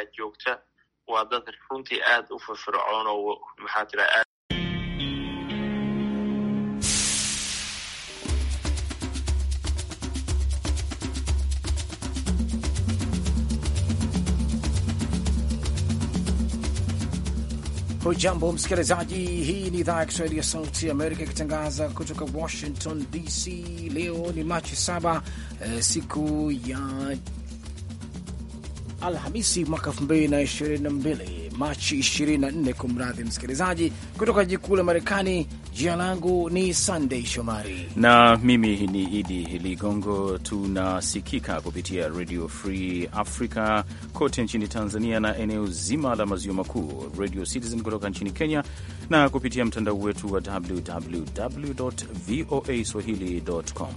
halkaa joogta waa dad runtii aad u firfircoon oo maxaa tiraa Hujambo msikilizaji, hii ni idhaa ya Kiswahili ya Sauti ya Amerika ikitangaza kutoka Washington DC. Leo ni Machi saba, eh, siku ya Alhamisi mwaka 2022 Machi 24, kumradhi msikilizaji, kutoka jiji kuu la Marekani. Jina langu ni sandei Shomari na mimi ni Idi Ligongo. Tunasikika kupitia Radio Free Africa kote nchini Tanzania na eneo zima la maziwa makuu, Radio Citizen kutoka nchini Kenya na kupitia mtandao wetu wa www voa swahili.com.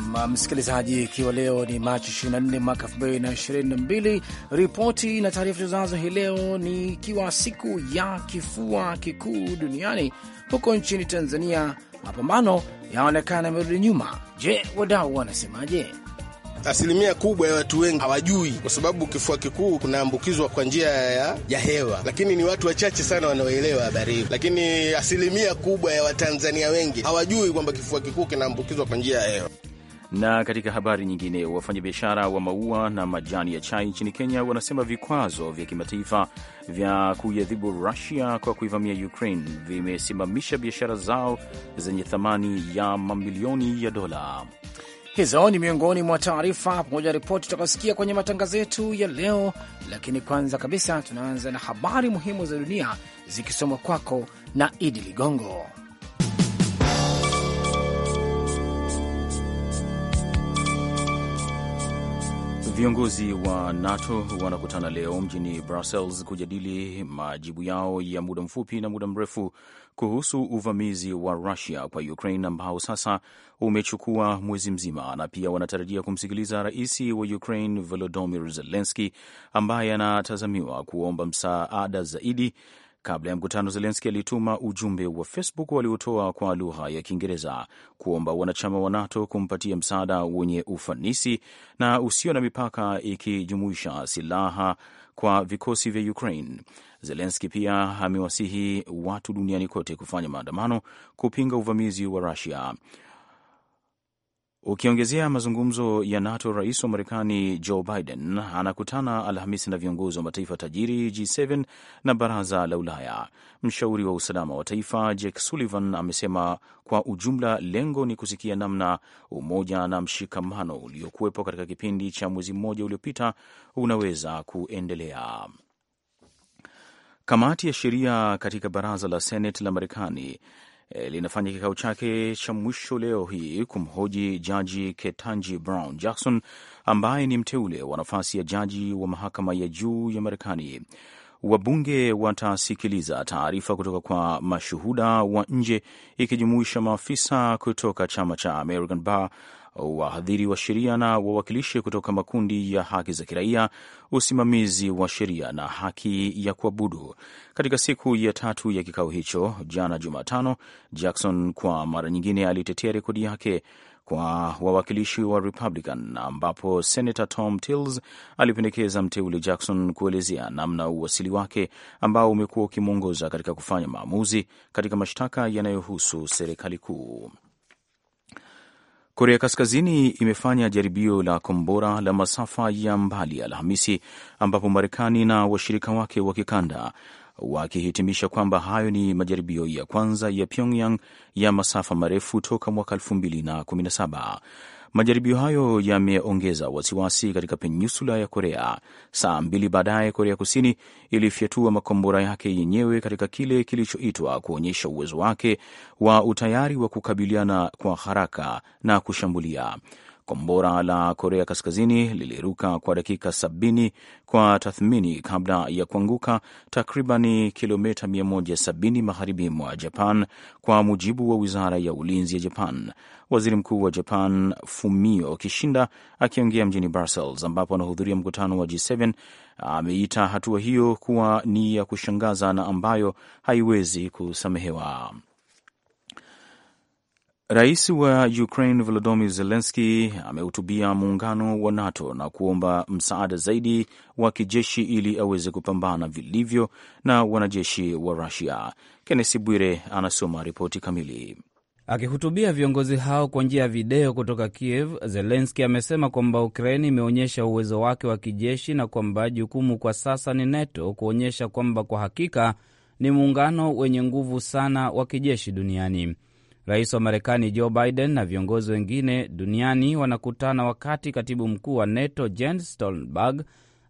Nam msikilizaji, ikiwa leo ni Machi 24 mwaka 2022, ripoti na taarifa tuzazo hii leo ni ikiwa siku ya kifua kikuu duniani. Huko nchini Tanzania mapambano yaonekana yamerudi nyuma. Je, wadau wanasemaje? Asilimia kubwa ya watu wengi hawajui, kwa sababu kifua kikuu kunaambukizwa kwa njia ya, ya hewa, lakini ni watu wachache sana wanaoelewa habari hii. Lakini asilimia kubwa ya Watanzania wengi hawajui kwamba kifua kikuu kinaambukizwa kwa njia ya hewa. Na katika habari nyingine, wafanyabiashara wa maua na majani ya chai nchini Kenya wanasema vikwazo vya kimataifa vya kuiadhibu Rusia kwa kuivamia Ukraine vimesimamisha biashara zao zenye thamani ya mamilioni ya dola. Hizo ni miongoni mwa taarifa pamoja na ripoti tutakaosikia kwenye matangazo yetu ya leo, lakini kwanza kabisa tunaanza na habari muhimu za dunia zikisomwa kwako na Idi Ligongo. Viongozi wa NATO wanakutana leo mjini Brussels kujadili majibu yao ya muda mfupi na muda mrefu kuhusu uvamizi wa Rusia kwa Ukraine ambao sasa umechukua mwezi mzima, na pia wanatarajia kumsikiliza rais wa Ukraine Volodymyr Zelensky ambaye anatazamiwa kuomba msaada zaidi Kabla ya mkutano, Zelenski alituma ujumbe wa Facebook waliotoa kwa lugha ya Kiingereza kuomba wanachama wa NATO kumpatia msaada wenye ufanisi na usio na mipaka, ikijumuisha silaha kwa vikosi vya Ukraine. Zelenski pia amewasihi watu duniani kote kufanya maandamano kupinga uvamizi wa Rusia. Ukiongezea mazungumzo ya NATO, rais wa Marekani Joe Biden anakutana Alhamisi na viongozi wa mataifa tajiri G7 na baraza la Ulaya. Mshauri wa usalama wa taifa Jake Sullivan amesema kwa ujumla, lengo ni kusikia namna umoja na mshikamano uliokuwepo katika kipindi cha mwezi mmoja uliopita unaweza kuendelea. Kamati ya sheria katika baraza la senet la Marekani e, linafanya kikao chake cha mwisho leo hii kumhoji Jaji Ketanji Brown Jackson ambaye ni mteule wa nafasi ya jaji wa mahakama ya juu ya Marekani. Wabunge watasikiliza taarifa kutoka kwa mashuhuda wa nje ikijumuisha maafisa kutoka chama cha American Bar wahadhiri wa sheria na wawakilishi kutoka makundi ya haki za kiraia, usimamizi wa sheria na haki ya kuabudu. Katika siku ya tatu ya kikao hicho jana Jumatano, Jackson kwa mara nyingine alitetea rekodi yake kwa wawakilishi wa Republican ambapo Senator Tom tils alipendekeza mteule Jackson kuelezea namna uwasili wake ambao umekuwa ukimwongoza katika kufanya maamuzi katika mashtaka yanayohusu serikali kuu. Korea Kaskazini imefanya jaribio la kombora la masafa ya mbali Alhamisi, ambapo Marekani na washirika wake wa kikanda wakihitimisha kwamba hayo ni majaribio ya kwanza ya Pyongyang ya masafa marefu toka mwaka 217 Majaribio hayo yameongeza wasiwasi katika peninsula ya Korea. Saa mbili baadaye, Korea Kusini ilifyatua makombora yake yenyewe katika kile kilichoitwa kuonyesha uwezo wake wa utayari wa kukabiliana kwa haraka na kushambulia. Kombora la Korea Kaskazini liliruka kwa dakika sabini kwa tathmini kabla ya kuanguka takribani kilomita 170 magharibi mwa Japan, kwa mujibu wa wizara ya ulinzi ya Japan. Waziri Mkuu wa Japan Fumio Kishida akiongea mjini Brussels, ambapo anahudhuria mkutano wa G7, ameita hatua hiyo kuwa ni ya kushangaza na ambayo haiwezi kusamehewa. Rais wa Ukraine Volodymyr Zelensky amehutubia muungano wa NATO na kuomba msaada zaidi wa kijeshi ili aweze kupambana vilivyo na wanajeshi wa Rusia. Kennesi Bwire anasoma ripoti kamili. Akihutubia viongozi hao kwa njia ya video kutoka Kiev, Zelenski amesema kwamba Ukraini imeonyesha uwezo wake wa kijeshi na kwamba jukumu kwa sasa ni NATO kuonyesha kwamba kwa hakika ni muungano wenye nguvu sana wa kijeshi duniani. Rais wa Marekani Joe Biden na viongozi wengine duniani wanakutana wakati katibu mkuu wa NATO Jens Stoltenberg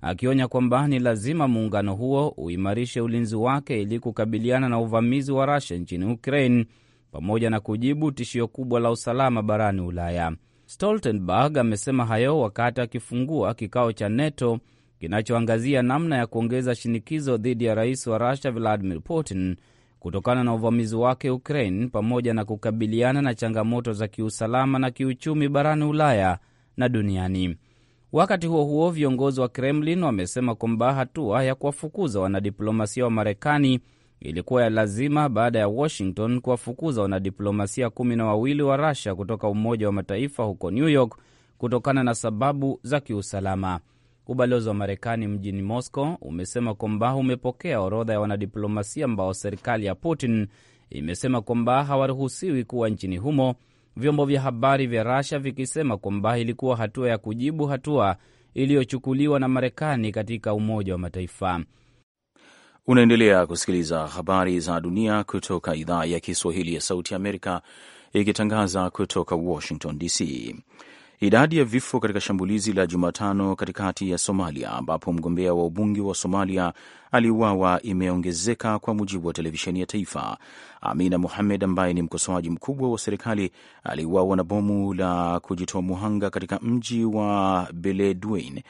akionya kwamba ni lazima muungano huo uimarishe ulinzi wake ili kukabiliana na uvamizi wa Rusia nchini Ukraine pamoja na kujibu tishio kubwa la usalama barani Ulaya. Stoltenberg amesema hayo wakati akifungua kikao cha NATO kinachoangazia namna ya kuongeza shinikizo dhidi ya rais wa Rusia Vladimir Putin kutokana na uvamizi wake Ukraine, pamoja na kukabiliana na changamoto za kiusalama na kiuchumi barani Ulaya na duniani. Wakati huo huo, viongozi wa Kremlin wamesema kwamba hatua ya kuwafukuza wanadiplomasia wa Marekani ilikuwa ya lazima baada ya Washington kuwafukuza wanadiplomasia kumi na wawili wa rusia kutoka Umoja wa Mataifa huko New York kutokana na sababu za kiusalama. Ubalozi wa Marekani mjini Moscow umesema kwamba umepokea orodha ya wanadiplomasia ambao serikali ya Putin imesema kwamba hawaruhusiwi kuwa nchini humo, vyombo vya habari vya Rasha vikisema kwamba ilikuwa hatua ya kujibu hatua iliyochukuliwa na Marekani katika Umoja wa Mataifa. Unaendelea kusikiliza habari za dunia kutoka idhaa ya Kiswahili ya Sauti ya Amerika, ikitangaza kutoka Washington DC. Idadi ya vifo katika shambulizi la Jumatano katikati ya Somalia ambapo mgombea wa ubunge wa Somalia aliuawa imeongezeka kwa mujibu wa televisheni ya taifa. Amina Mohamed ambaye ni mkosoaji mkubwa wa serikali aliuawa na bomu la kujitoa muhanga katika mji wa Beledweyne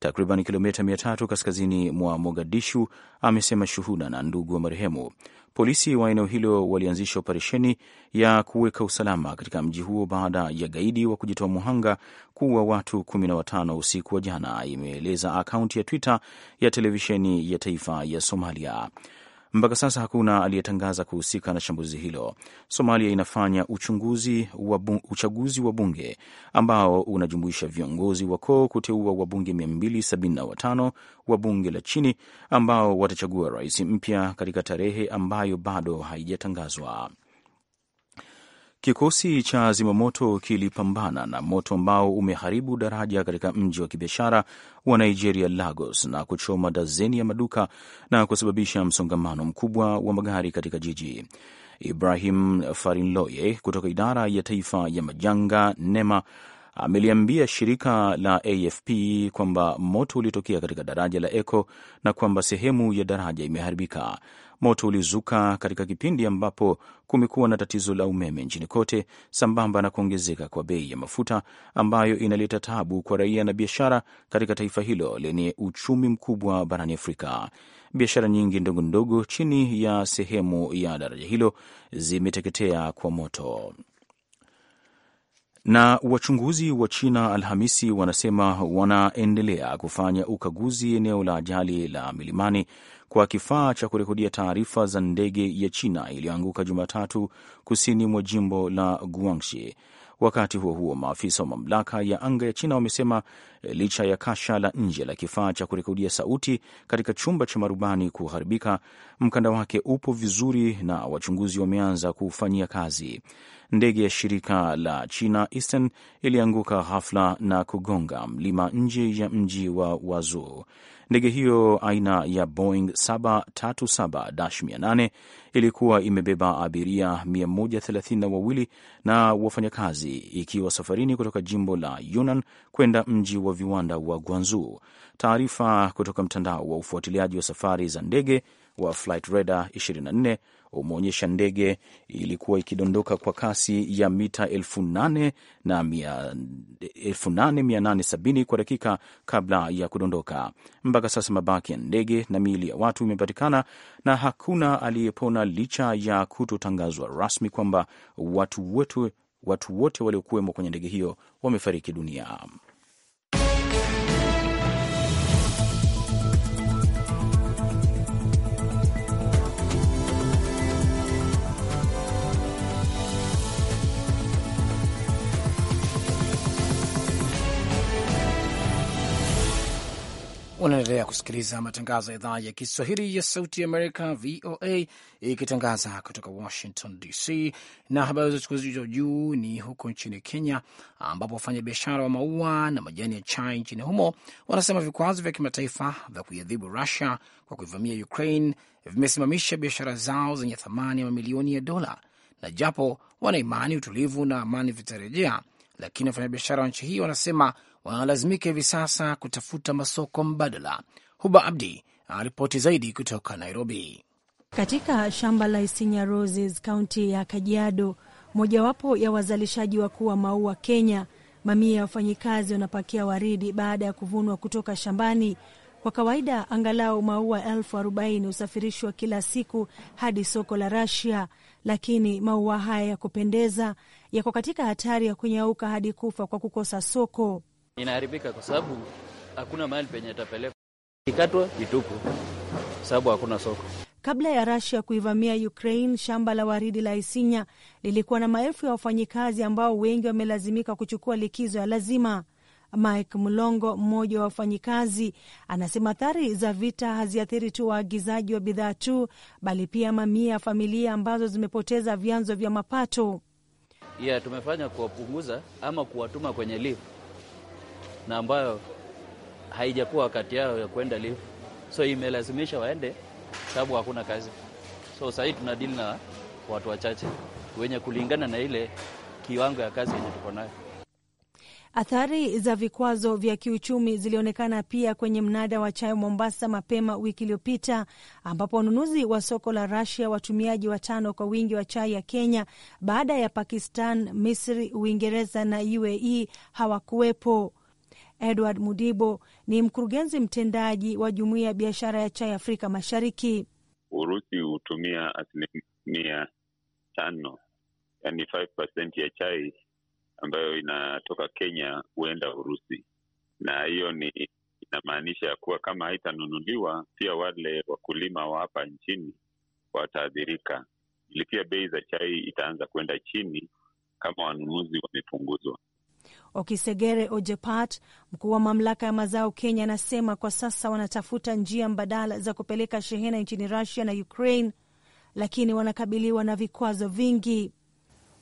takriban kilomita mia tatu kaskazini mwa Mogadishu, amesema shuhuda na ndugu wa marehemu. Polisi wa eneo hilo walianzisha operesheni ya kuweka usalama katika mji huo baada ya gaidi wa kujitoa muhanga kuua watu 15 usiku wa jana, imeeleza akaunti ya Twitter ya televisheni ya taifa ya Somalia. Mpaka sasa hakuna aliyetangaza kuhusika na shambulizi hilo. Somalia inafanya uchunguzi wa uchaguzi wa bunge ambao unajumuisha viongozi wakoo kuteua wabunge 275 wa bunge la chini ambao watachagua rais mpya katika tarehe ambayo bado haijatangazwa. Kikosi cha zimamoto kilipambana na moto ambao umeharibu daraja katika mji wa kibiashara wa Nigeria, Lagos, na kuchoma dazeni ya maduka na kusababisha msongamano mkubwa wa magari katika jiji. Ibrahim Farinloye kutoka idara ya taifa ya majanga NEMA ameliambia shirika la AFP kwamba moto ulitokea katika daraja la Eko na kwamba sehemu ya daraja imeharibika. Moto ulizuka katika kipindi ambapo kumekuwa na tatizo la umeme nchini kote, sambamba na kuongezeka kwa bei ya mafuta ambayo inaleta tabu kwa raia na biashara katika taifa hilo lenye uchumi mkubwa barani Afrika. Biashara nyingi ndogo ndogo chini ya sehemu ya daraja hilo zimeteketea kwa moto na wachunguzi wa China Alhamisi wanasema wanaendelea kufanya ukaguzi eneo la ajali la milimani kwa kifaa cha kurekodia taarifa za ndege ya China iliyoanguka Jumatatu kusini mwa jimbo la Guangxi. Wakati huo huo, maafisa wa mamlaka ya anga ya China wamesema eh, licha ya kasha la nje la kifaa cha kurekodia sauti katika chumba cha marubani kuharibika, mkanda wake upo vizuri na wachunguzi wameanza kufanyia kazi. Ndege ya shirika la China Eastern ilianguka ghafla na kugonga mlima nje ya mji wa Wazuu. Ndege hiyo aina ya Boeing 737-800 ilikuwa imebeba abiria 132 na wafanyakazi ikiwa safarini kutoka jimbo la Yunnan kwenda mji wa viwanda wa Guangzhou. Taarifa kutoka mtandao wa ufuatiliaji wa safari za ndege wa Flight 24 umeonyesha ndege ilikuwa ikidondoka kwa kasi ya mita 8870 kwa dakika kabla ya kudondoka. Mpaka sasa mabaki ya ndege na miili ya watu imepatikana na hakuna aliyepona licha ya kutotangazwa rasmi kwamba watu wote waliokuwemo kwenye ndege hiyo wamefariki dunia. Unaendelea kusikiliza matangazo ya idhaa ya Kiswahili ya Sauti Amerika, VOA, ikitangaza kutoka Washington DC. Na habari za uchukuzi za juu ni huko nchini Kenya, ambapo wafanyabiashara wa maua na majani ya chai nchini humo wanasema vikwazo vya kimataifa vya kuiadhibu Rusia kwa kuivamia Ukraine vimesimamisha biashara zao zenye thamani ya mamilioni ya dola, na japo wanaimani utulivu na amani vitarejea, lakini wafanyabiashara wa nchi hii wanasema wanalazimika hivi sasa kutafuta masoko mbadala. Huba Abdi aripoti zaidi kutoka Nairobi. Katika shamba la Isinya Roses, kaunti ya Kajiado, mojawapo ya wazalishaji wakuu wa maua Kenya, mamia ya wafanyikazi wanapakia waridi baada ya kuvunwa kutoka shambani. Kwa kawaida angalau maua elfu arobaini husafirishwa kila siku hadi soko la Rasia, lakini maua haya ya kupendeza yako katika hatari ya kunyauka hadi kufa kwa kukosa soko inaharibika kwa sababu hakuna mahali penye itapelekwa, ikatwa vitupu sababu hakuna soko. Kabla ya Rasia kuivamia Ukraine, shamba la waridi la Isinya lilikuwa na maelfu ya wafanyikazi ambao wengi wamelazimika kuchukua likizo ya lazima. Mike Mlongo, mmoja wa wafanyikazi, anasema athari za vita haziathiri tu waagizaji wa bidhaa tu, bali pia mamia ya familia ambazo zimepoteza vyanzo vya mapato. Yeah, tumefanya kuwapunguza ama kuwatuma kwenye live na ambayo haijakuwa wakati yao ya kuenda live, so imelazimisha waende sababu hakuna kazi. So sahii tuna deal na watu wachache wenye kulingana na ile kiwango ya kazi yenye tuko nayo. Athari za vikwazo vya kiuchumi zilionekana pia kwenye mnada wa chai Mombasa mapema wiki iliyopita, ambapo wanunuzi wa soko la Rasia watumiaji watano kwa wingi wa chai ya Kenya baada ya Pakistan, Misri, Uingereza na UAE hawakuwepo. Edward Mudibo ni mkurugenzi mtendaji wa jumuia ya biashara ya chai Afrika Mashariki. Urusi hutumia asilimia tano, yani 5% ya chai ambayo inatoka Kenya huenda Urusi, na hiyo ni inamaanisha ya kuwa kama haitanunuliwa pia wale wakulima wa hapa nchini wataadhirika, ili pia bei za chai itaanza kwenda chini kama wanunuzi wamepunguzwa. Okisegere Ojepat, mkuu wa mamlaka ya mazao Kenya, anasema kwa sasa wanatafuta njia mbadala za kupeleka shehena nchini Rusia na Ukraine, lakini wanakabiliwa na vikwazo vingi.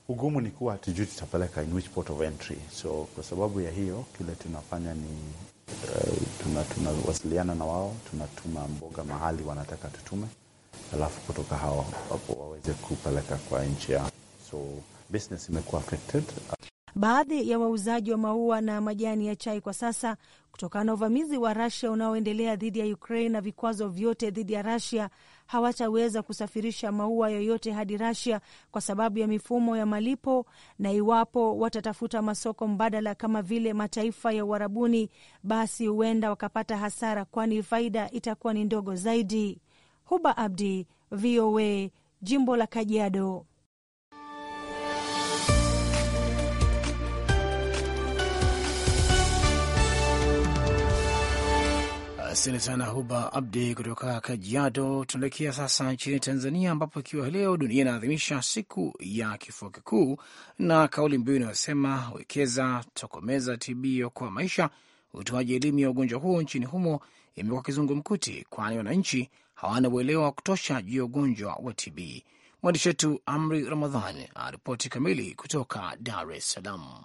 Ugumu ni kuwa hatujui tutapeleka in which port of entry. So kwa sababu ya hiyo, kile tunafanya ni uh, eh, tunawasiliana tuna na wao, tunatuma mboga mahali wanataka tutume, alafu kutoka hao wapo waweze kupeleka kwa nchi yao. So business imekuwa affected baadhi ya wauzaji wa maua na majani ya chai kwa sasa kutokana na uvamizi wa Rasia unaoendelea dhidi ya Ukraine na vikwazo vyote dhidi ya Rasia hawataweza kusafirisha maua yoyote hadi Rasia kwa sababu ya mifumo ya malipo, na iwapo watatafuta masoko mbadala kama vile mataifa ya Uarabuni, basi huenda wakapata hasara, kwani faida itakuwa ni ndogo zaidi. Huba Abdi, VOA, jimbo la Kajiado. Asante sana Huba Abdi kutoka Kajiado. Tunaelekea sasa nchini Tanzania, ambapo ikiwa leo dunia inaadhimisha siku ya kifua kikuu na kauli mbiu inayosema wekeza, tokomeza TB, kwa maisha, utoaji elimu ya ugonjwa huo nchini humo imekuwa kizungumkuti, kwani wananchi hawana uelewa wa kutosha juu ya ugonjwa wa TB. Mwandishi wetu Amri Ramadhan aripoti kamili kutoka Dar es Salaam.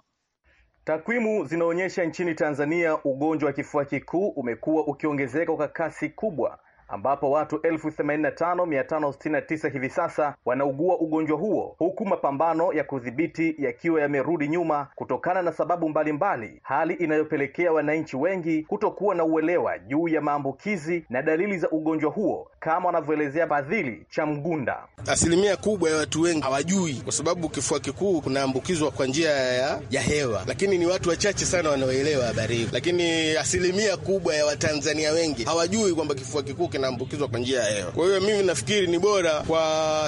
Takwimu zinaonyesha nchini Tanzania ugonjwa wa kifua kikuu umekuwa ukiongezeka kwa kasi kubwa ambapo watu 85569 hivi sasa wanaugua ugonjwa huo, huku mapambano ya kudhibiti yakiwa yamerudi nyuma kutokana na sababu mbalimbali mbali, hali inayopelekea wananchi wengi kutokuwa na uelewa juu ya maambukizi na dalili za ugonjwa huo, kama wanavyoelezea Badhili cha Mgunda. Asilimia kubwa ya watu wengi hawajui, kwa sababu kifua kikuu kunaambukizwa kwa njia ya, ya hewa, lakini ni watu wachache sana wanaoelewa habari hiyo, lakini asilimia kubwa ya Watanzania wengi hawajui kwamba kifua kikuu kinaambukizwa kwa njia ya hewa. Kwa hiyo mimi nafikiri ni bora kwa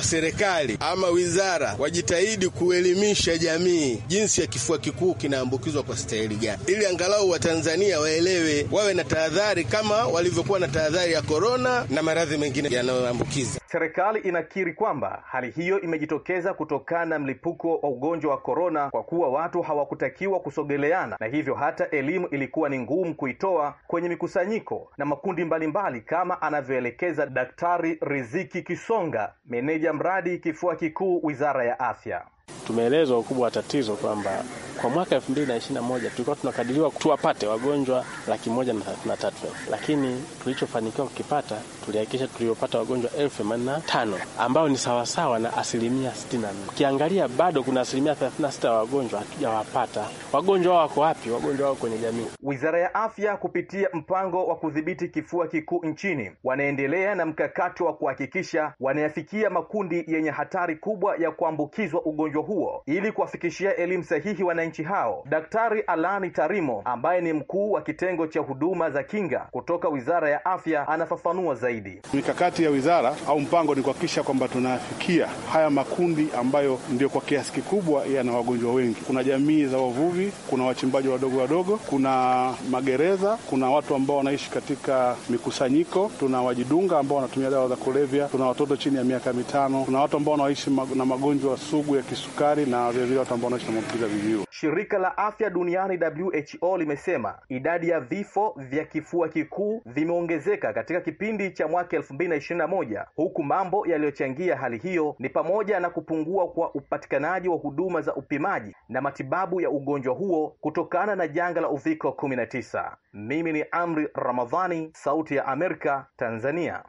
serikali ama wizara wajitahidi kuelimisha jamii jinsi ya kifua kikuu kinaambukizwa kwa staili gani, ili angalau Watanzania waelewe, wawe na tahadhari kama walivyokuwa na tahadhari ya korona na maradhi mengine yanayoambukiza. Serikali inakiri kwamba hali hiyo imejitokeza kutokana na mlipuko wa ugonjwa wa korona, kwa kuwa watu hawakutakiwa kusogeleana, na hivyo hata elimu ilikuwa ni ngumu kuitoa kwenye mikusanyiko na makundi mbalimbali, kama anavyoelekeza Daktari Riziki Kisonga, meneja mradi kifua kikuu, Wizara ya Afya tumeelezwa ukubwa wa tatizo kwamba kwa mwaka elfu mbili na ishirini na moja tulikuwa tunakadiriwa tuwapate wagonjwa laki moja na tatu lakini tulichofanikiwa kukipata tulihakikisha tuliopata wagonjwa elfu themanini na tano ambao ni sawasawa na asilimia sitini na nne. Ukiangalia bado kuna asilimia thelathini na sita ya wagonjwa hatujawapata. Wagonjwa wao wako wapi? Wagonjwa wao kwenye jamii. Wizara ya Afya kupitia mpango wa kudhibiti kifua kikuu nchini wanaendelea na mkakati wa kuhakikisha wanayafikia makundi yenye hatari kubwa ya kuambukizwa ugonjwa huu huo ili kuwafikishia elimu sahihi wananchi hao. Daktari Alani Tarimo ambaye ni mkuu wa kitengo cha huduma za kinga kutoka Wizara ya Afya anafafanua zaidi. Mikakati ya wizara au mpango ni kuhakikisha kwamba tunafikia haya makundi ambayo ndio kwa kiasi kikubwa yana wagonjwa wengi. Kuna jamii za wavuvi, kuna wachimbaji wadogo wadogo, kuna magereza, kuna watu ambao wanaishi katika mikusanyiko, tuna wajidunga ambao wanatumia dawa za kulevya, tuna watoto chini ya miaka mitano, kuna watu ambao wanaishi na magonjwa sugu ya kisukari sukari na vilevile watu ambao wanaishi na maambukizi ya VVU. Shirika la Afya Duniani WHO limesema idadi ya vifo vya kifua kikuu vimeongezeka katika kipindi cha mwaka 2021 huku mambo yaliyochangia hali hiyo ni pamoja na kupungua kwa upatikanaji wa huduma za upimaji na matibabu ya ugonjwa huo kutokana na janga la uviko 19. Mimi ni Amri Ramadhani, Sauti ya Amerika, Tanzania.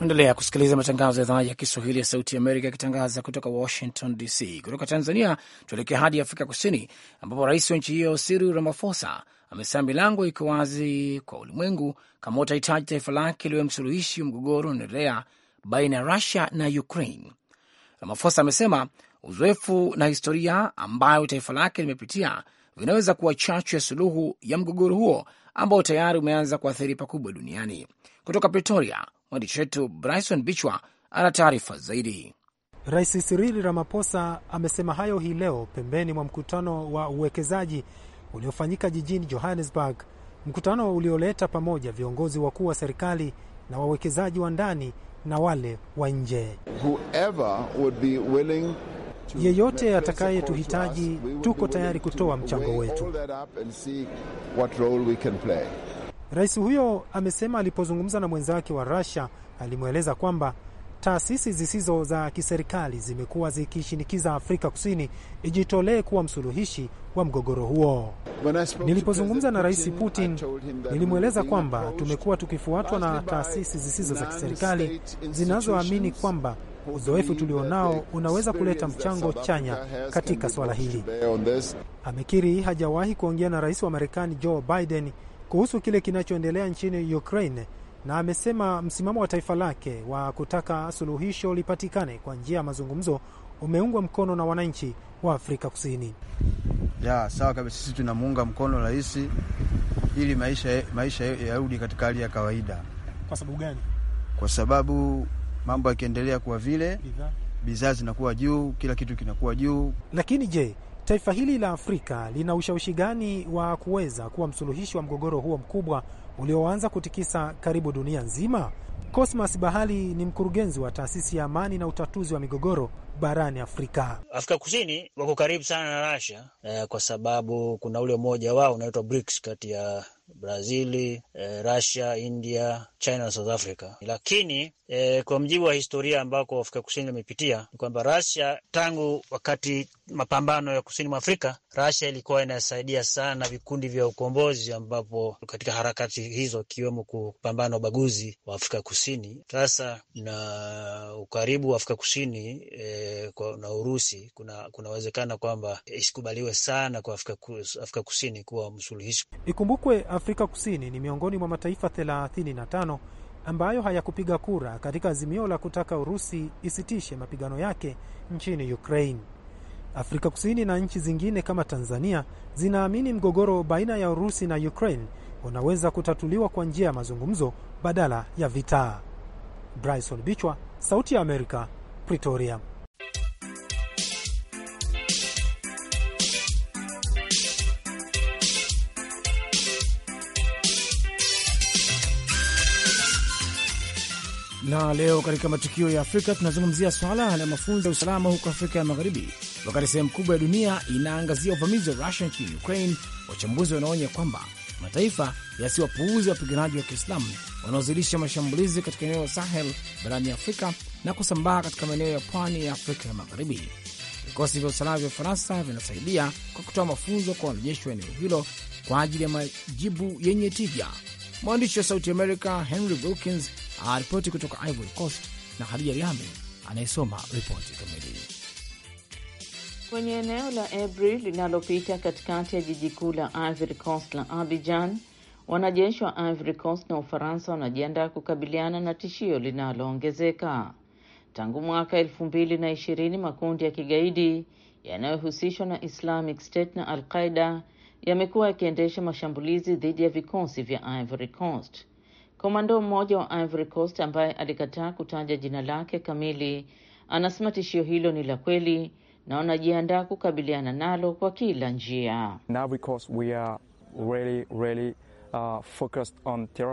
Unaendelea kusikiliza matangazo ya idhaa ya Kiswahili ya Sauti ya Amerika yakitangaza kutoka Washington DC. Kutoka Tanzania tuelekea hadi Afrika Kusini, ambapo rais wa nchi hiyo Cyril Ramaphosa amesema milango iko wazi kwa ulimwengu kama utahitaji taifa lake liwe msuluhishi mgogoro unaendelea baina ya Rusia na Ukraine. Ramaphosa amesema uzoefu na historia ambayo taifa lake limepitia vinaweza kuwa chachu ya suluhu ya mgogoro huo ambao tayari umeanza kuathiri pakubwa duniani. Kutoka Pretoria, Mwandishi wetu Bryson Bichwa ana taarifa zaidi. Rais Cyril Ramaphosa amesema hayo hii leo pembeni mwa mkutano wa uwekezaji uliofanyika jijini Johannesburg, mkutano ulioleta pamoja viongozi wakuu wa serikali na wawekezaji wa ndani na wale wa nje. Yeyote atakayetuhitaji tuko tayari kutoa mchango wetu. Rais huyo amesema alipozungumza na mwenzake wa Russia alimweleza kwamba taasisi zisizo za kiserikali zimekuwa zikishinikiza Afrika Kusini ijitolee kuwa msuluhishi wa mgogoro huo. Nilipozungumza na Rais Putin nilimweleza kwamba tumekuwa tukifuatwa na taasisi zisizo za kiserikali zinazoamini kwamba uzoefu tulionao unaweza kuleta mchango chanya katika swala hili. Amekiri hajawahi kuongea na rais wa Marekani Joe Biden kuhusu kile kinachoendelea nchini Ukraine na amesema msimamo wa taifa lake wa kutaka suluhisho lipatikane kwa njia ya mazungumzo umeungwa mkono na wananchi wa Afrika Kusini. Ya sawa kabisa, sisi tunamuunga mkono rais ili maisha maisha yarudi katika hali ya kawaida. Kwa sababu gani? Kwa sababu mambo yakiendelea kuwa vile, bidhaa zinakuwa juu, kila kitu kinakuwa juu. Lakini je, Taifa hili la Afrika lina ushawishi gani wa kuweza kuwa msuluhishi wa mgogoro huo mkubwa ulioanza kutikisa karibu dunia nzima? Cosmas Bahali ni mkurugenzi wa taasisi ya amani na utatuzi wa migogoro barani Afrika. Afrika Kusini wako karibu sana na Russia eh, kwa sababu kuna ule umoja wao unaitwa BRICS kati ya Brazili, e, eh, Russia, India, China na South Africa. Lakini e, kwa mjibu wa historia ambako Afrika Kusini imepitia ni kwamba Russia tangu wakati mapambano ya kusini mwa Afrika, Russia ilikuwa inasaidia sana vikundi vya ukombozi, ambapo katika harakati hizo ikiwemo kupambana ubaguzi wa Afrika Kusini. Sasa na ukaribu wa Afrika Kusini e, kwa, na Urusi, kuna kunawezekana kwamba isikubaliwe sana kwa Afrika, Afrika Kusini kuwa msuluhishi. Ikumbukwe Afrika Kusini ni miongoni mwa mataifa 35 ambayo hayakupiga kura katika azimio la kutaka Urusi isitishe mapigano yake nchini Ukraine. Afrika Kusini na nchi zingine kama Tanzania zinaamini mgogoro baina ya Urusi na Ukraine unaweza kutatuliwa kwa njia ya mazungumzo badala ya vita. Bryson Bichwa, Sauti ya Amerika, Pretoria. Na leo katika matukio ya Afrika tunazungumzia swala la mafunzo ya usalama huko Afrika ya Magharibi, wakati sehemu kubwa ya dunia inaangazia uvamizi wa Rusia nchini Ukraine. Wachambuzi wanaonya kwamba mataifa yasiwapuuzi wapiganaji wa Kiislamu wanaozidisha mashambulizi katika eneo la Sahel barani Afrika na kusambaa katika maeneo ya pwani ya Afrika ya Magharibi. Vikosi vya usalama vya Ufaransa vinasaidia kwa kutoa mafunzo kwa wanajeshi wa eneo hilo kwa ajili ya majibu yenye tija. Mwandishi wa Sauti Amerika Henry Wilkins aripoti kutoka Ivory Coast na Hadija Riame anayesoma ripoti kamili. Kwenye eneo la Ebri linalopita katikati ya jiji kuu la Ivory Coast la Abidjan, wanajeshi wa Ivory Coast na Ufaransa wanajiandaa kukabiliana na tishio linaloongezeka. Tangu mwaka elfu mbili na ishirini makundi ya kigaidi yanayohusishwa na Islamic State na Al Qaida yamekuwa yakiendesha mashambulizi dhidi ya vikosi vya Ivory Coast. Komando mmoja wa Ivory Coast ambaye alikataa kutaja jina lake kamili anasema tishio hilo ni la kweli na wanajiandaa kukabiliana nalo kwa kila njia. Really, really, uh,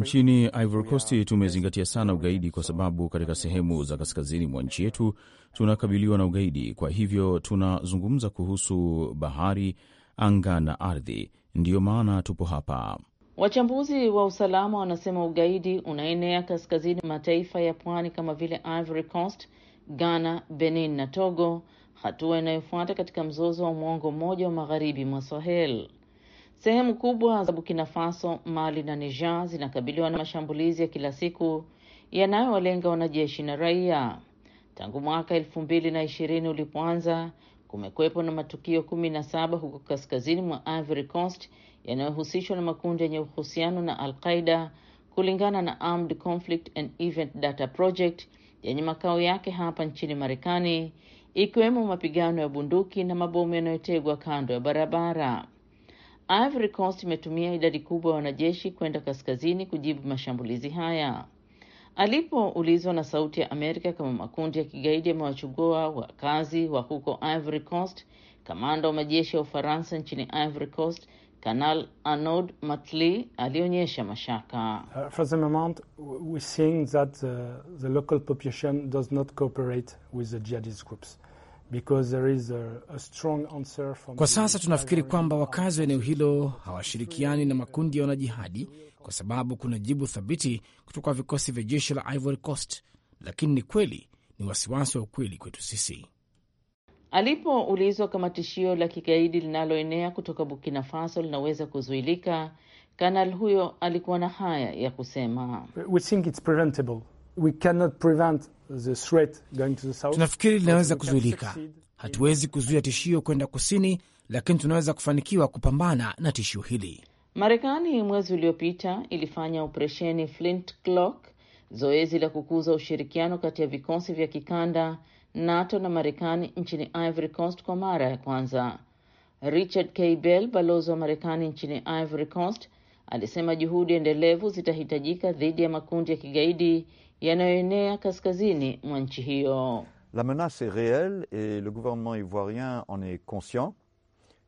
nchini Ivory Coast tumezingatia sana ugaidi kwa sababu katika sehemu za kaskazini mwa nchi yetu tunakabiliwa na ugaidi. Kwa hivyo tunazungumza kuhusu bahari, anga na ardhi ndiyo maana tupo hapa. Wachambuzi wa usalama wanasema ugaidi unaenea kaskazini mataifa ya pwani kama vile Ivory Coast, Ghana, Benin na Togo, hatua inayofuata katika mzozo wa mwongo mmoja wa magharibi mwa Sahel. Sehemu kubwa za Burkina Faso, Mali na Niger zinakabiliwa na mashambulizi ya kila siku yanayowalenga wanajeshi na raia. Tangu mwaka elfu mbili na ishirini ulipoanza, Kumekwepo na matukio kumi na saba huko kaskazini mwa Ivory Coast yanayohusishwa na makundi yenye uhusiano na Al Qaida kulingana na Armed Conflict and Event Data Project yenye makao yake hapa nchini Marekani, ikiwemo mapigano ya bunduki na mabomu yanayotegwa kando ya barabara. Ivory Coast imetumia idadi kubwa ya wanajeshi kwenda kaskazini kujibu mashambulizi haya. Alipoulizwa na Sauti ya Amerika kama makundi ya kigaidi yamewachugua wakazi wa huko Ivory Coast, kamanda wa majeshi ya Ufaransa nchini Ivory Coast Kanal Arnaud Matli alionyesha mashaka. Kwa sasa tunafikiri kwamba wakazi wa eneo hilo hawashirikiani na makundi ya wanajihadi kwa sababu kuna jibu thabiti kutoka kwa vikosi vya jeshi la Ivory Coast, lakini ni kweli, ni wasiwasi wa ukweli kwetu sisi. Alipoulizwa kama tishio la kigaidi linaloenea kutoka Burkina Faso linaweza kuzuilika, kanal huyo alikuwa na haya ya kusema: We think it's preventable. We cannot prevent the threat going to the south. Tunafikiri linaweza kuzuilika. Hatuwezi kuzuia tishio kwenda kusini, lakini tunaweza kufanikiwa kupambana na tishio hili. Marekani mwezi uliopita ilifanya operesheni Flint Clock, zoezi la kukuza ushirikiano kati ya vikosi vya kikanda NATO na Marekani nchini Ivory Coast kwa mara ya kwanza. Richard K. Bell, balozi wa Marekani nchini Ivory Coast, alisema juhudi endelevu zitahitajika dhidi ya makundi ya kigaidi yanayoenea kaskazini mwa nchi hiyo. La menace est reelle et le gouvernement ivoirien en est conscient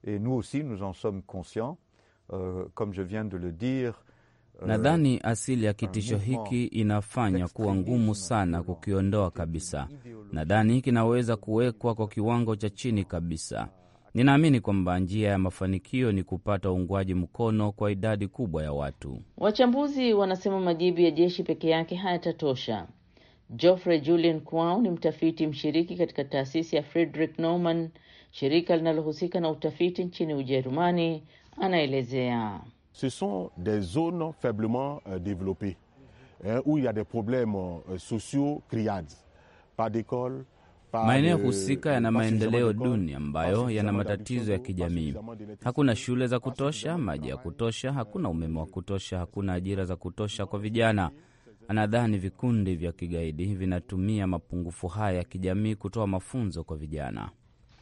et nous aussi nous en sommes conscients uh, comme je viens de le dire euh, nadhani asili ya kitisho hiki inafanya kuwa ngumu sana kukiondoa kabisa. Nadhani kinaweza kuwekwa kwa kiwango cha chini kabisa Ninaamini kwamba njia ya mafanikio ni kupata uungwaji mkono kwa idadi kubwa ya watu. Wachambuzi wanasema majibu ya jeshi peke yake hayatatosha. Geoffrey Julian Kwao ni mtafiti mshiriki katika taasisi ya Friedrich Norman, shirika linalohusika na utafiti nchini Ujerumani, anaelezea ce sont des zones faiblement euh, euh, où il y a des euh, sociaux criades pas Maeneo husika yana maendeleo duni ambayo yana matatizo ya kijamii. Hakuna shule za kutosha, maji ya kutosha, hakuna umeme wa kutosha, hakuna ajira za kutosha kwa vijana. Anadhani vikundi vya kigaidi vinatumia mapungufu haya ya kijamii kutoa mafunzo kwa vijana.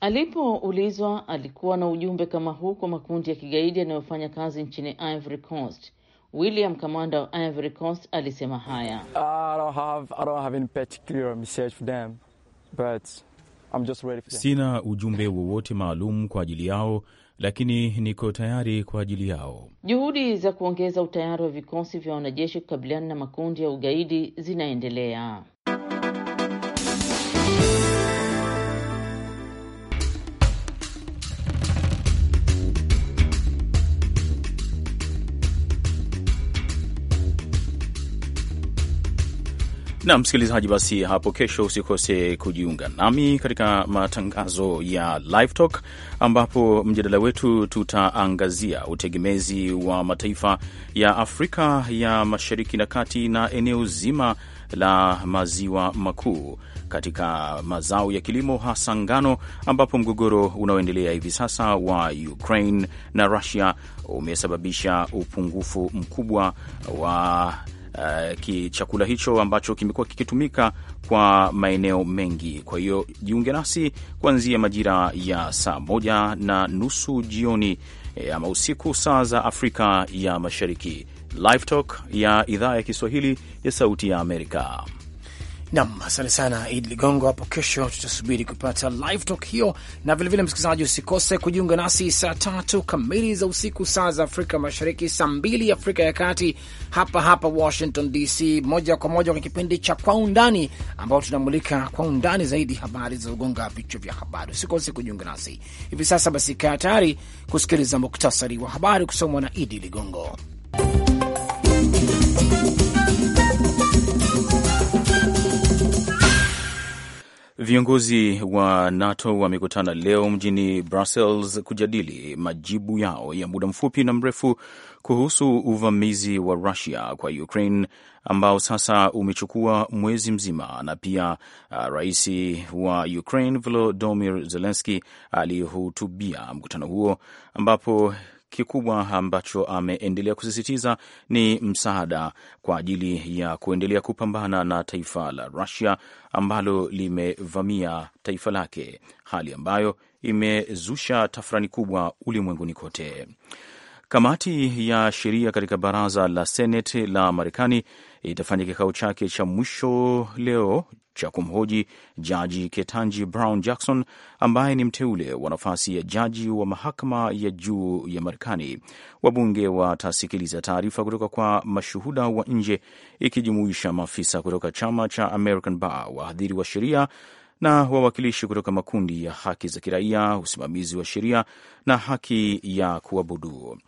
Alipoulizwa alikuwa na ujumbe kama huu kwa makundi ya kigaidi yanayofanya kazi nchini Ivory Coast. William, kamanda wa Ivory Coast, alisema haya: I don't have, I don't have But I'm just ready for... Sina ujumbe wowote maalum kwa ajili yao, lakini niko tayari kwa ajili yao. Juhudi za kuongeza utayari wa vikosi vya wanajeshi kukabiliana na makundi ya ugaidi zinaendelea. na msikilizaji, basi hapo kesho usikose kujiunga nami katika matangazo ya Live Talk, ambapo mjadala wetu tutaangazia utegemezi wa mataifa ya Afrika ya Mashariki na Kati na eneo zima la maziwa makuu katika mazao ya kilimo hasa ngano, ambapo mgogoro unaoendelea hivi sasa wa Ukraine na Russia umesababisha upungufu mkubwa wa uh, chakula hicho ambacho kimekuwa kikitumika kwa maeneo mengi. Kwa hiyo jiunge nasi kuanzia majira ya saa moja na nusu jioni e, ama usiku saa za Afrika ya Mashariki. Live Talk ya idhaa ya Kiswahili ya Sauti ya Amerika. Nam, asante sana Idi Ligongo. Hapo kesho tutasubiri kupata live talk hiyo, na vilevile msikilizaji, usikose kujiunga nasi saa tatu kamili za usiku, saa za Afrika Mashariki, saa mbili Afrika ya Kati, hapa hapa Washington DC, moja kwa moja kwenye kipindi cha Kwa Undani, ambao tunamulika kwa undani zaidi habari za ugonga vichwa vya habari. Usikose kujiunga nasi hivi sasa. Basi kaa tayari kusikiliza muktasari wa habari kusomwa na Idi Ligongo. Viongozi wa NATO wamekutana leo mjini Brussels kujadili majibu yao ya muda mfupi na mrefu kuhusu uvamizi wa Rusia kwa Ukraine ambao sasa umechukua mwezi mzima, na pia uh, rais wa Ukraine Volodymyr Zelensky alihutubia mkutano huo ambapo kikubwa ambacho ameendelea kusisitiza ni msaada kwa ajili ya kuendelea kupambana na taifa la Rusia ambalo limevamia taifa lake, hali ambayo imezusha tafrani kubwa ulimwenguni kote. Kamati ya sheria katika baraza la Seneti la Marekani itafanya kikao chake cha mwisho leo cha kumhoji Jaji Ketanji Brown Jackson ambaye ni mteule wa nafasi ya jaji wa mahakama ya juu ya Marekani. Wabunge watasikiliza taarifa kutoka kwa mashuhuda wa nje ikijumuisha maafisa kutoka chama cha American Bar, wahadhiri wa sheria na wawakilishi kutoka makundi ya haki za kiraia, usimamizi wa sheria na haki ya kuabudu.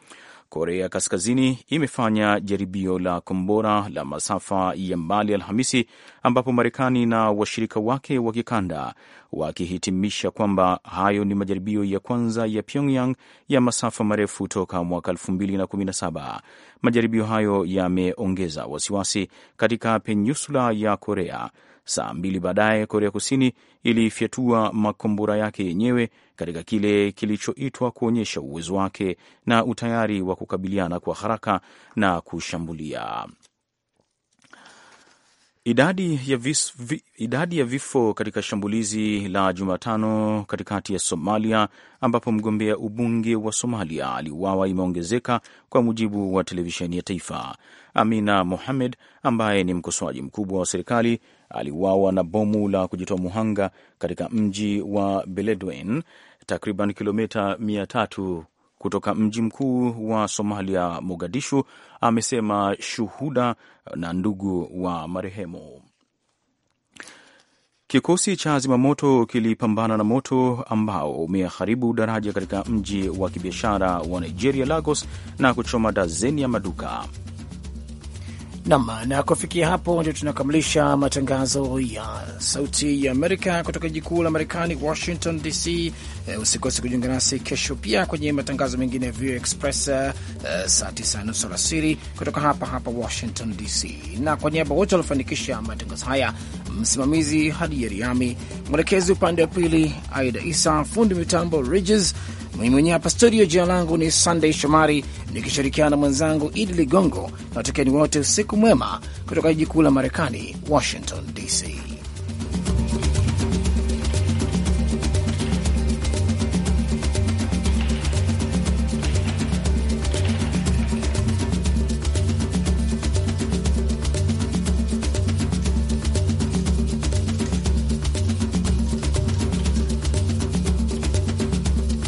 Korea Kaskazini imefanya jaribio la kombora la masafa ya mbali Alhamisi, ambapo Marekani na washirika wake wa kikanda wakihitimisha kwamba hayo ni majaribio ya kwanza ya Pyongyang ya masafa marefu toka mwaka 2017. Majaribio hayo yameongeza wasiwasi katika peninsula ya Korea Saa mbili baadaye, Korea Kusini ilifyatua makombora yake yenyewe katika kile kilichoitwa kuonyesha uwezo wake na utayari wa kukabiliana kwa haraka na kushambulia. Idadi ya, vis, vi, idadi ya vifo katika shambulizi la Jumatano katikati ya Somalia ambapo mgombea ubunge wa Somalia aliuawa imeongezeka kwa mujibu wa televisheni ya taifa. Amina Mohamed ambaye ni mkosoaji mkubwa wa serikali aliuawa na bomu la kujitoa muhanga katika mji wa beledwin takriban kilomita mia tatu kutoka mji mkuu wa Somalia, Mogadishu, amesema shuhuda na ndugu wa marehemu. Kikosi cha zimamoto kilipambana na moto ambao umeharibu daraja katika mji wa kibiashara wa Nigeria, Lagos, na kuchoma dazeni ya maduka. Nam na kufikia hapo ndio tunakamilisha matangazo ya Sauti ya Amerika kutoka jiji kuu la Marekani, Washington DC. E, eh, usikose kujiunga nasi kesho pia kwenye matangazo mengine ya VOA Express e, saa tisa nusu alasiri kutoka hapa hapa Washington DC, na kwa niaba wote waliofanikisha matangazo haya msimamizi Hadi Yeriami, mwelekezi upande wa pili Aida Isa, fundi mitambo Ridges, mimi mwenyewe hapa studio. Jina langu ni Sunday Shomari nikishirikiana na mwenzangu Idi Ligongo. Nawatakieni wote usiku mwema kutoka jiji kuu la Marekani, Washington DC.